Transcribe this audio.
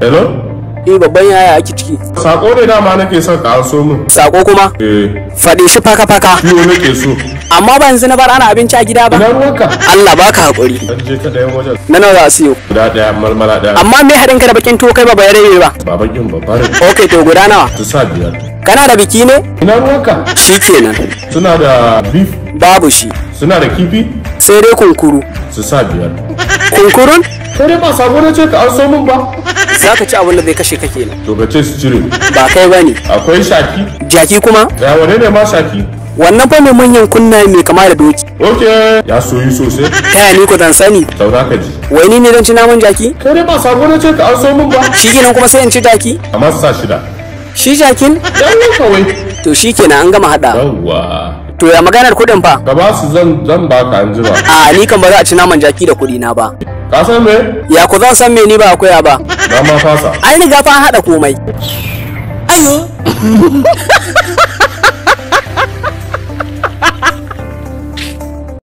Hello? Eh babban yaya ake ciki. Sako ne dama nake son ka so min. Sako kuma? Eh. Faɗi shi faka faka. Yo nake so. Amma ba yanzu na bar ana abinci a gida ba. Ina ruwanka. Allah baka hakuri. Dan je ka da yan wajen. Na nawa za su yi. Guda daya malmala daya. Amma me haɗin ka da bakin to kai ba bai ne ba. Ba bakin ba Okay to guda nawa? Su sa biyar. Kana da biki ne? Ina ruwanka. Shikenan. Suna da beef. Babu shi. Suna da kifi? sai dai kunkuru su sa biyar kunkurun sai dai ba sabo na ce ka an so min ba za ka ci abin da zai kashe ka kenan to bace ce su cire ba kai ba ne akwai shaki jaki kuma ya wane ne ma shaki wannan fa mai manyan kunna mai kama da doki ok ya soyi sosai ta ni ko dan sani saura ka ji wai ni ne dan ci naman jaki kai dai ba sabo na ce ka an so min ba shi kenan kuma sai in ci jaki amma su sa shida shi jakin yawwa kawai to shi kenan an gama hada yawwa to ya maganar kuɗin fa ka ba su zan zan ba ka anji jima a ni kan ba za a ci naman jaki da kuɗi na ba ka san me ya ku zan san me ni ba akwai ba na ma fasa ai riga fa haɗa komai ayo